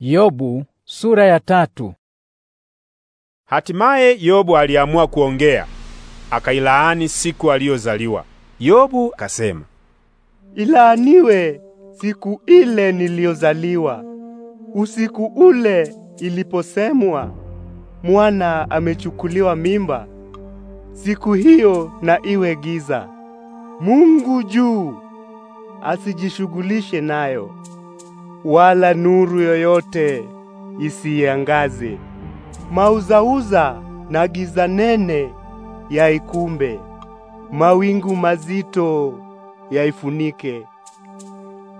Yobu sura ya tatu. Hatimaye Yobu aliamua kuongea, akailaani siku aliyozaliwa. Yobu akasema, ilaaniwe siku ile niliyozaliwa, usiku ule iliposemwa mwana amechukuliwa mimba. Siku hiyo na iwe giza, Mungu juu asijishughulishe nayo wala nuru yoyote isiangaze. Mauzauza na giza nene yaikumbe, mawingu mazito yaifunike.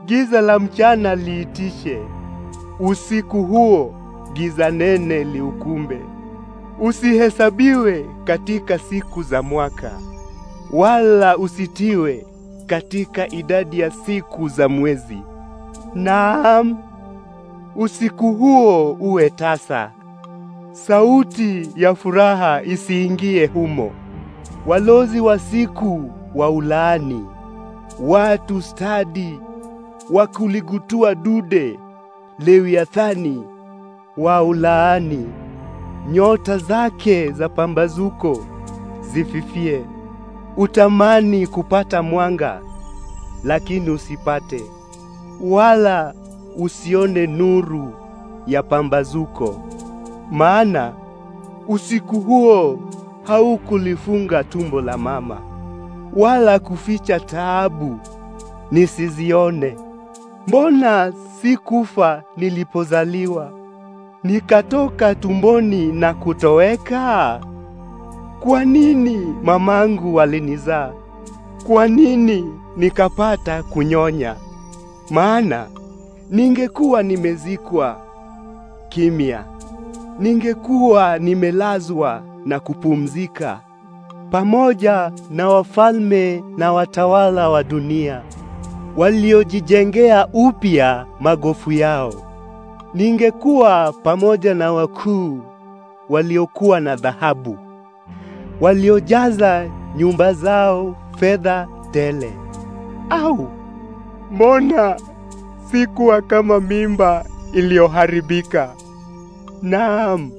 Giza la mchana liitishe, usiku huo giza nene liukumbe. Usihesabiwe katika siku za mwaka, wala usitiwe katika idadi ya siku za mwezi. Naam, usiku huo uwe tasa, sauti ya furaha isiingie humo. Walozi wa siku wa ulaani watu stadi wakuligutua dude, Lewiathani wa ulaani, nyota zake za pambazuko zififie. Utamani kupata mwanga, lakini usipate wala usione nuru ya pambazuko, maana usiku huo haukulifunga tumbo la mama, wala kuficha taabu nisizione. Mbona sikufa nilipozaliwa, nikatoka tumboni na kutoweka? Kwa nini mamangu alinizaa? Kwa nini nikapata kunyonya? maana ningekuwa nimezikwa kimya, ningekuwa nimelazwa na kupumzika pamoja na wafalme na watawala wa dunia waliojijengea upya magofu yao. Ningekuwa pamoja na wakuu waliokuwa na dhahabu, waliojaza nyumba zao fedha tele, au Mbona sikuwa kama mimba iliyoharibika? Naam,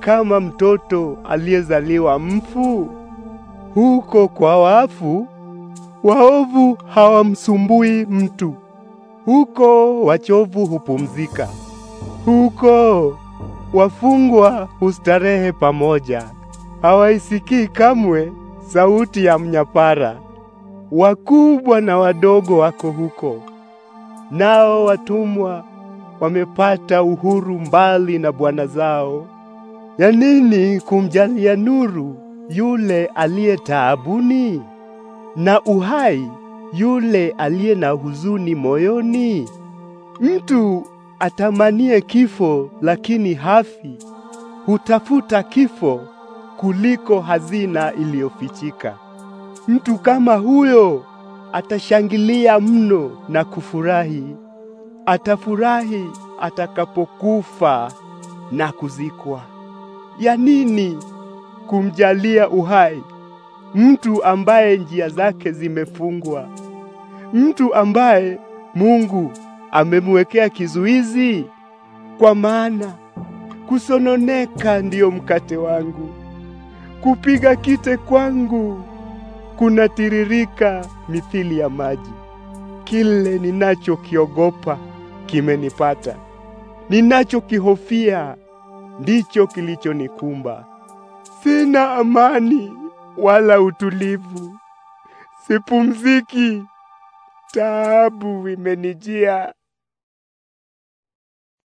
kama mtoto aliyezaliwa mfu. Huko kwa wafu, waovu hawamsumbui mtu. Huko wachovu hupumzika. Huko wafungwa hustarehe pamoja. Hawaisikii kamwe sauti ya mnyapara wakubwa na wadogo wako huko, nao watumwa wamepata uhuru mbali na bwana zao. Ya nini kumjalia nuru yule aliye taabuni na uhai yule aliye na huzuni moyoni? Mtu atamanie kifo lakini hafi, hutafuta kifo kuliko hazina iliyofichika. Mtu kama huyo atashangilia mno na kufurahi, atafurahi atakapokufa na kuzikwa. Ya nini kumjalia uhai mtu ambaye njia zake zimefungwa, mtu ambaye Mungu amemwekea kizuizi? Kwa maana kusononeka ndiyo mkate wangu, kupiga kite kwangu kunatiririka mithili ya maji. Kile ninachokiogopa kimenipata, ninachokihofia ndicho kilichonikumba. Sina amani wala utulivu, sipumziki, taabu imenijia.